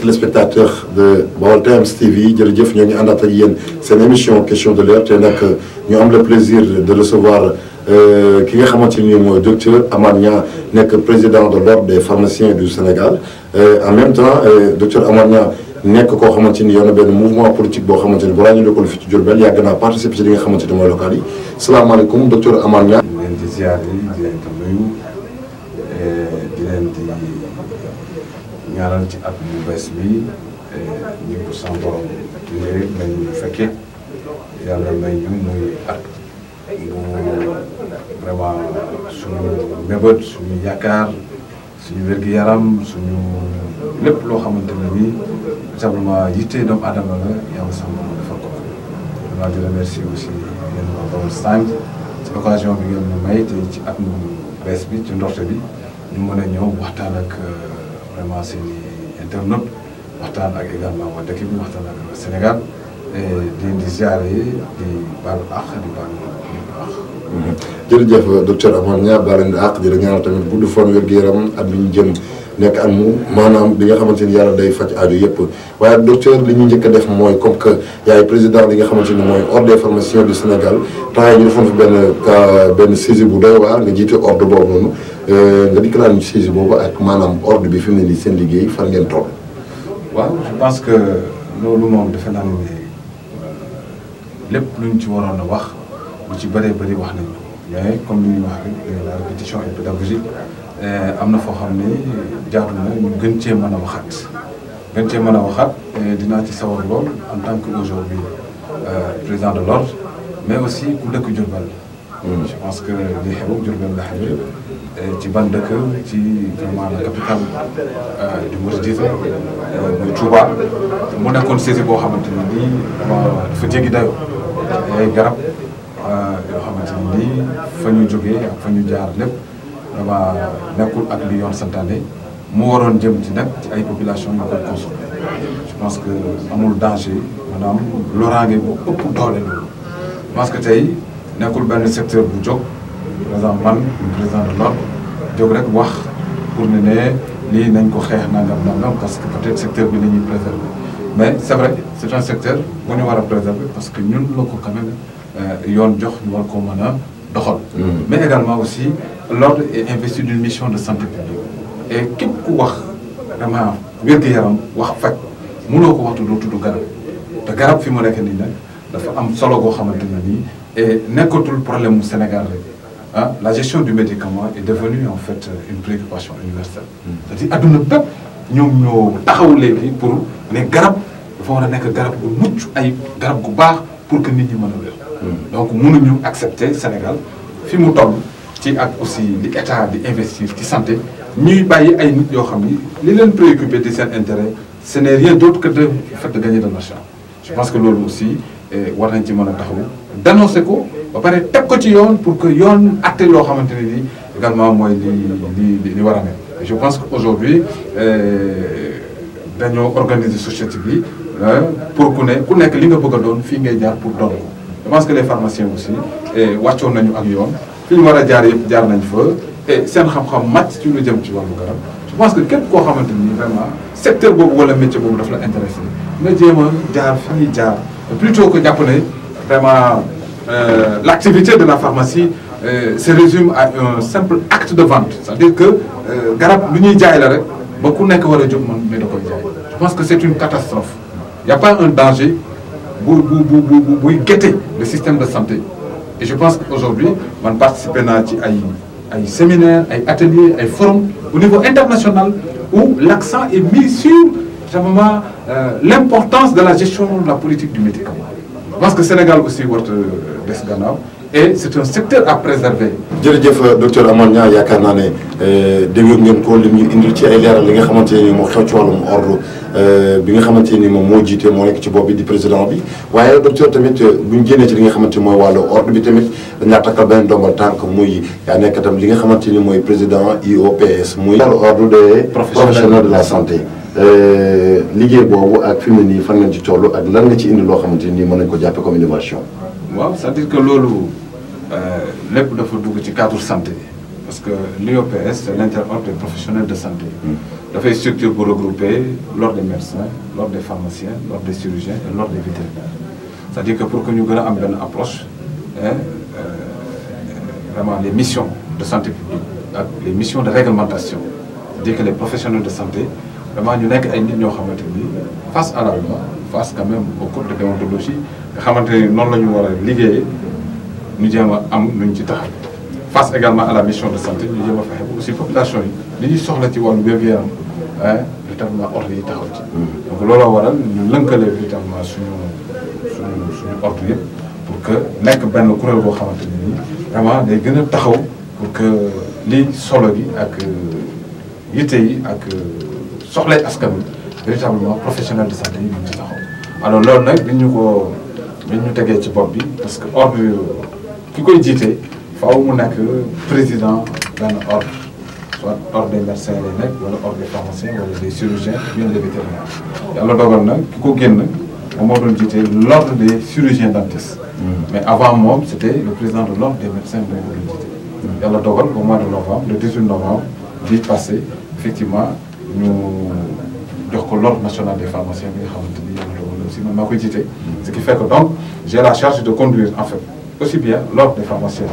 téléspectateurs de Baol Times TV jërëjëf ñoo ngi àndaat ak yéen seen émission question de l'heure te nag ñu am le plaisir de recevoir euh, ki nga xamante ni mooy docteur Amath Niang nekk président de l'ordre des pharmaciens du Sénégal euh, en même temps euh, docteur Amath Niang nekk koo xamante ni yow na benn mouvement politique boo xamante ni bu ràññee ko lu fi ci Diourbel yàgg naa participer ci li nga xamante ni mooy local yi di leen di ziar ñaanal ci at bu bees bi eh, ñu ko sama borom léegi fekkee yàlla may ñu muy at bu vraiment suñu mébét yaram suñu lépp loo xamante ne nii simplement yitte doomu aadama la yàlla sama borom aussi yéen waa bi may ci at mu bees bi ci ndorte bi ñu mën a ñëw waxtaanak euh, vraiment seen i internautes waxtaan ak également waa dëkk bi waxtaan ak waa di di ziare di baalu àq di baalu di baax. Mm-hmm. jërëjëf docteur Amar Niang baal leen di àq di tamit gudd fan wér gu yaram at bi ñu nekk ak maanaam bi nga xamante ni yàlla day faj aajo yëpp waaye docteur li ñu njëkk a def mooy comme que yaay président li nga xamante ni mooy ordre des pharmaciens du Sénégal temps yii ñu fi benn euh, benn saisie bu doy waar nga jiite ordre boobu noonu euh, nga di laan saisie boobu ak maanaam ordre bi fi mu ne nii seen liggéey fan ngeen toll. waaw je pense que loolu moom defe naa ne euh, lépp luñ ci waroon a wax lu ci bëree bëri wax nañu mais comme ni wax rek la répétition Eh, am na foo xam ne jaadu na ñu gën cee mën a waxaat gën cee mën a waxaat eh, dinaa ci sawar lool en tant que aujourd'hui eh, président de l'ordre mais aussi ku dëkk Diourbel hmm. je pense que li xew Diourbel la xewee ci ban dëkk ci vraiment la capitale du mouridisme muy Touba mu nekkoon saisie boo xamante ne nii dafa jéggi dayoo ay garab yoo xamante ne nii fa ñu jógee ak fa ñu jaar lépp vraiment nekkul ak li yoon santaane mu waroon jëm ci nag ci ay population yu koy consommé je pense que amul danger maanaam loraange bu ëpp doole loolu que tey nekkul benn secteur bu jóg par exemple man de l'ordre jóg rek wax pour ne ne lii nañ ko xeex nangam nangam parce que peut-être secteur bi la ñuy préserver mais c'est vrai c'est un secteur bu ñu war préserver parce que ñun la ko quand même euh, yoon jox ñu war ko mën doxal. Mm. mais également aussi l'ordre et investi d'une mission de santé publique et képp ku wax vraiment wér yaram wax faj mënoo ko wax te doo tudd garab te garab fi mu nekk nii nag dafa am solo goo xamante ne nii et nekkatul problème mu Sénégal rek ah, la gestion du médicament est devenue en fait une préoccupation universelle. Mm. c'est-à-dire adduna bépp ñoom ñoo taxaw léegi pour ne garab dafa war a nekk garab gu mucc ay garab gu baax pour que nit ñi mën a wér. donc mënuñu accepter Sénégal fi mu toll ci ak aussi li état di investir ci santé ñuy bàyyi ay nit yoo xam ni li leen préoccupé di seen intérêt ce n'est rien d'autre que de de gagner je pense que loolu aussi eh, war nañ ci mën a taxaw dénoncé ko ba pare teg ko ci yoon pour que yoon atte loo xamante ne ni également mooy li li li war a mel je pense que aujourd'hui eh, dañoo organiser société bi pour ku ne ku nekk li nga bëgg a doon fii ngay jaar pour doon ko parce que les pharmaciens aussi wàccoon nañu ak yoon fi ñu war a jaar yëpp jaar nañ fa seen xam-xam màcc ci lu jëm ci wàllu garab je pense que képp koo xamante ni vraiment secteur boobu wala métier boobu daf la intéressé nga jéem a jaar fi ñuy jaar plutôt ko jàpp ne vraiment euh, l' activité de la pharmacie euh, se résume à un simple acte de vente c'est-à-dire que euh, garab lu ñuy jaay la rek ba ku nekk war a jóg man mais da koy jaay je pense que c' est une catastrophe il a pas un danger bu bu buy guetter le système de santé et je pense que aujourd'hui man participer naa ci ay ay séminaires ay ateliers ay forums au niveau international où l'accent est mis sur justement euh, l'importance de la gestion de la politique du médicament parce que Sénégal aussi warta euh, des gannaaw et c'est un secteur à préserver jërëjëf docteur amoon ñaar yaakaar naa ne euh, dégg ngeen ko lim ñu indil ci ay leeral li nga xamante ne nii moo xew ci wàllum ordre euh, bi nga xamante ni moom moo jiite moo nekk ci bopp bi di président bi waaye docteur tamit euh, buñ génnee ci li nga xamante mooy wàllu ordre bi tamit dañ laa takkal benn ndombal tànk muy yaa nekk tam li nga xamante ni mooy président IOPS muy wàllu ordre des professionnels de la santé liggéey boobu ak fi mu fan ngeen ci toll ak lan nga ci indi loo xamante nii mën nañ ko jàppe comme innovation waaw cest Euh, lépp dafa dugg ci cadre santé parce que l'IOPS c'est l'interordre des professionnels de santé mm. dafay structure bu regrouper l'ordre des médecins l'ordre des pharmaciens l'ordre des chirurgiens et l'ordre des vétérinaires cest dire que pour que ñu gën a am benn approche hein, euh, vraiment les missions de santé publique ak les missions de réglementation c'est-à-dire que les professionnels de santé vraiment ñu nekk ay nit ñoo xamante ni face à la loi face quand même au code de déontologie nga xamante ni noonu la ñu war a ñu jéem a am ñu ci taxaw face également à la mission de santé ñu jéem a fexe ba aussi population yi li soxla ci wàllu wér-gu-yaram véritablement ordre yi taxaw ci mm. donc looloo waral ñu lënkale véritablement su suñu suñu ordre yëpp pour que nekk benn kuréel boo xamante ni vraiment day gën a taxaw pour que li solo yi ak euh, yitte yi ak euh, soxlay askan bi véritablement professionnel de santé yi ñu ci taxaw alors loolu nag bi ñu ko bi ñu tegee ci bopp bi parce que ordre ki koy jiite fa mu nekk président benn ordre soit ordre des médecins lay nekk wala ordre des pharmaciens wala des chirurgiens bien des vétérinaires yàlla dogal na ki ko génn moom moo doon jiite l'ordre des chirurgiens dentistes hmm. mais avant moom c' président de l'ordre des médecins moo ko doon jiite yàlla de novembre le 18 effectivement ñu jox ko l'ordre national des pharmaciens bi nga xamante ni yàlla dogal na aussi man maa koy jiite ce qui de conduire en aussi bien l'ordre des pharmaciens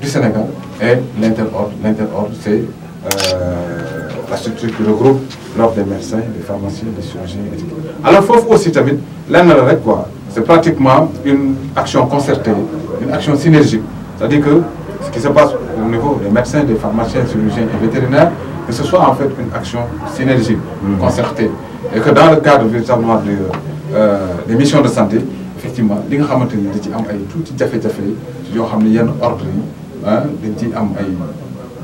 du Sénégal et l'interordre. L'interordre, c'est euh, la structure qui regroupe l'ordre des médecins, des pharmaciens, des chirurgiens, etc. alors foofu aussi tamit lenn la rek quoi c'est pratiquement une action concertée une action synergique c'est-à-dire que ce qui se passe au niveau des médecins des pharmaciens chirurgiens et vétérinaires que ce soit en fait une action synergique mm. concertée et que dans le cadre véritablement de, euh, des missions de santé effectivement li nga xamante ni da ci am ay tuuti jafe-jafe yoo xam ne yenn ordre yi ah, dañ ci am ay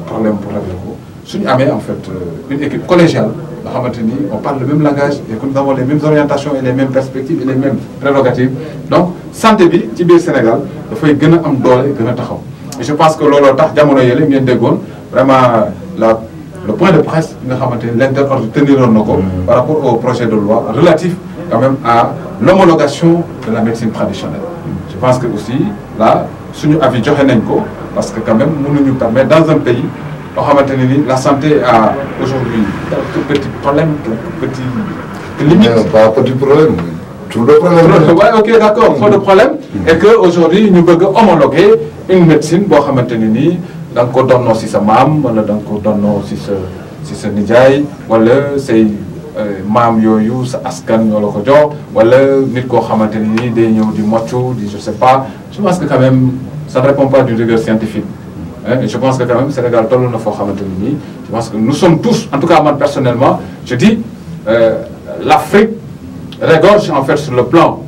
problème pour régler ko suñu amee en fait euh, une équipe collégiale nga xamante ni on par le même langage et que nous avons les mêmes orientations et les mêmes perspectives et les mêmes prérogatives donc santé bi ci biir Sénégal dafay gën a am doole gën a taxaw je pense que looloo tax jamono yële ngeen déggoon vraiment la le point de presse nga xamante ni l'interordre teniroon na ko mm. par rapport projet de loi relatif quand a à l'homologation de la médecine traditionnelle. Je pense que aussi là suñu avis joxe nañ ko parce que quand même mënuñu permettre dans un pays boo xamante ne ni la santé a aujourd'hui quelques petits problèmes quelques petits limites. Euh, pas petit problème. trop de problème waaye ok d'accord trop de problème. et que aujourd'hui ñu bëgg a homologuer une médecine boo xamante ne nii da nga si sa maam wala da nga ko donnoo si sa si sa nijaay wala say. Euh, maam yooyu sa askan ñoo la ko jox wala nit koo xamante ne nii day ñëw di moccu di je sais pas je pense que quand même ça ne répond d'une rigueur scientifique et je pense que quand même Sénégal toll na foo xamante ne nii je pense que nous sommes tous en tout cas man personnellement je dis euh, l'Afrique regorge en fait sur le plan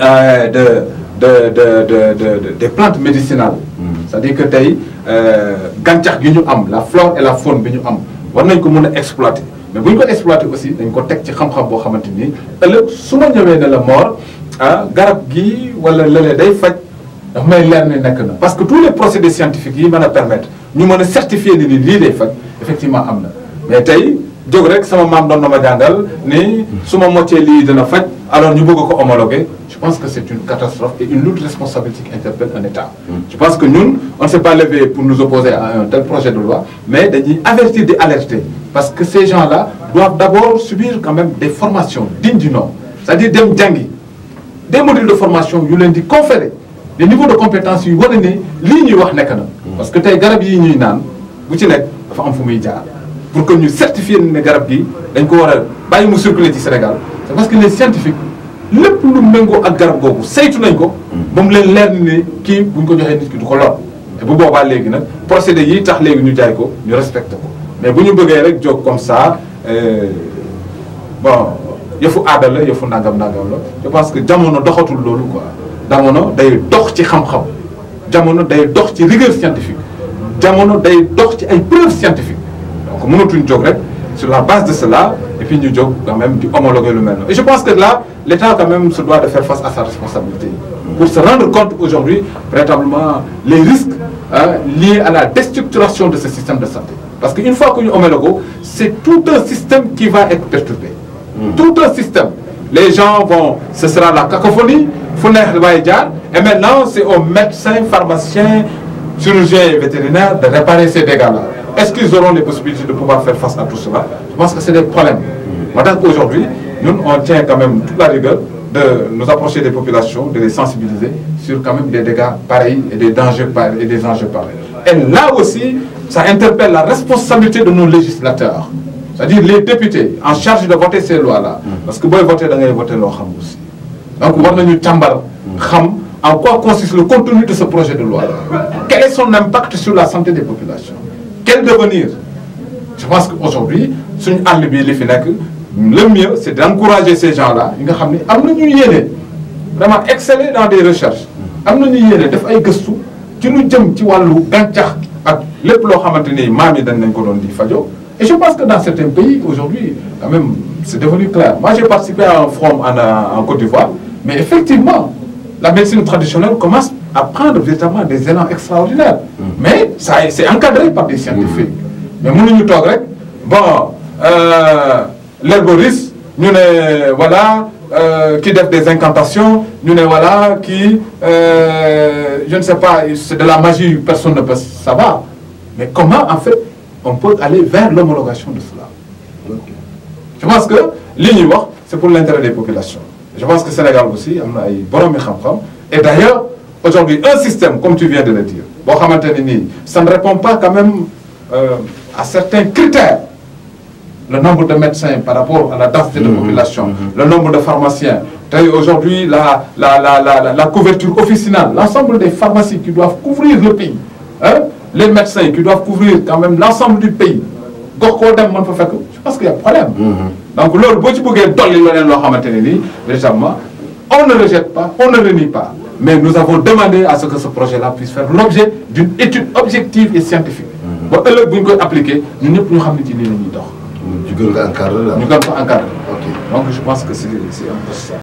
euh, de de de de de des plantes médicinales. Mm. c'est-à-dire que tey euh, gàncax gi ñu am la flore et la faune bi ñu am war nañ ko mën a exploiter. mais bu ñu ko exploité aussi dañ ko teg ci xam-xam boo xamante nii ëllëg su ma ñëwee ne la Mor ah garab gii wala lële day faj dafa may leer ne nekk na parce que tous les procédés scientifiques yi mën a permettre ñu mën a certifier ni lii day faj effectivement am na mais tey jóg rek sama maam doom na ma jàngal ni su ma moccee lii dina faj alors ñu bëgg ko homologué Je pense que c'est une catastrophe et une lourde responsabilité qui interpelle un État. Mm. Je pense que nous, on ne s'est pas levé pour nous opposer à un tel projet de loi, mais d'avertir, avertir, d'alerter. Parce que ces gens-là doivent d'abord subir quand même des formations dignes du nom. C'est-à-dire des mdjangi, des modules de formation, vous l'avez conférés, des niveaux de compétences, vous l'avez Parce que les garabes, ils n'ont pas de pour que nous certifions les garabes, nous devons circuler au Sénégal. parce que les scientifiques lépp lu méngoo ak garab googu saytu nañ ko mm-hmm. ba mu leen leer ni kii buñ ko joxee nit ki du ko lor bu boobaa léegi nag procédé yi tax léegi ñu jaay ko ñu respecté ko mais bu ñu bëggee rek jóg comme ça euh, bon yëfu aada la yëfu nangam nangam la je pense que jamono doxatul loolu quoi jamono day dox ci xam-xam jamono day dox ci rigueur scientifique jamono day dox ci ay preuves scientifiques donc mënatuñ jóg rek Sur la base de cela, et puis nous devons quand même homologuer le même. Et je pense que là, l'État quand même se doit de faire face à sa responsabilité. Pour se rendre compte aujourd'hui, véritablement, les risques hein, liés à la déstructuration de ce système de santé. Parce qu'une fois qu'on homologue, c'est tout un système qui va être perturbé. Mm. Tout un système. Les gens vont, ce sera la cacophonie, et maintenant c'est aux médecins, pharmaciens, chirurgiens et vétérinaires de réparer Est-ce qu'ils auront les possibilités de pouvoir faire face à tout cela Je pense que c'est des problèmes. Mm-hmm. Maintenant qu'aujourd'hui, nous, on tient quand même toute la rigueur de nous approcher des populations, de les sensibiliser sur quand même des dégâts pareils et des dangers pareils. Et, des enjeux pareils. et là aussi, ça interpelle la responsabilité de nos législateurs. C'est-à-dire les députés en charge de voter ces lois-là. Mm-hmm. Parce que vous voter, vous voter loi aussi. Donc, nous avons chambar, en quoi consiste le contenu de ce projet de loi-là. Quel est son impact sur la santé des populations quel devenir je pense que aujourd'hui suñu àll bi li fi nekk le mieux c'est d'encourager ces gens-là yi nga xam ne am nañu yéene vraiment exceller dans des recherches am nañu yéene def ay gëstu ci lu jëm ci wàllu gàncax ak lép loo xamante ni maam yi dañ nañ ko doon di fajo et je pense que dans certains pays aujourd'hui quand même c'est devenu clair moi j'ai participé à un en, Côte d'Ivoire mais effectivement la médecine traditionnelle commence de prendre véritablement des élans extraordinaires. Mm. mais ça c'est encadré par des scientifiques. Mm. mais mënuñu toog rek bon euh, l'herboriste ñu ne voilà ki euh, def des incantations ñu ne voilà qui euh, je ne sais pas c'est de la magie personne ne peut savoir mais comment en fait on peut aller vers l'homologation de cela. je pense que li ñuy wax c'est pour l'intérêt des populations. je pense que Sénégal aussi am na ay borom mi xam-xam et d'ailleurs aujourd'hui un système comme tu viens de le dire boo xamante ne nii ça ne répond pas quand même euh, à certains critères le nombre de médecins par rapport à la densité de mm-hmm. population mm-hmm. le nombre de pharmaciens tey aujourd'hui la la la la la couverture officinale l'ensemble des pharmacies qui doivent couvrir le pays hein les médecins qui doivent couvrir quand même l'ensemble du pays gox koo dem mën fa fekk je pense qu'il y a problème mm-hmm. donc loolu boo ci bëggee dolli leneen loo xamante ne nii mais nous avons demandé à ce que ce projet-là puisse faire l'objet d'une étude objective et scientifique. Mhm. ba ëllëg bu ñu koy appliqué ñun ñëpp ñu xam ne ci nii la ñuy dox. ñu gën ko encadré donc je pense que c'est un peu ça.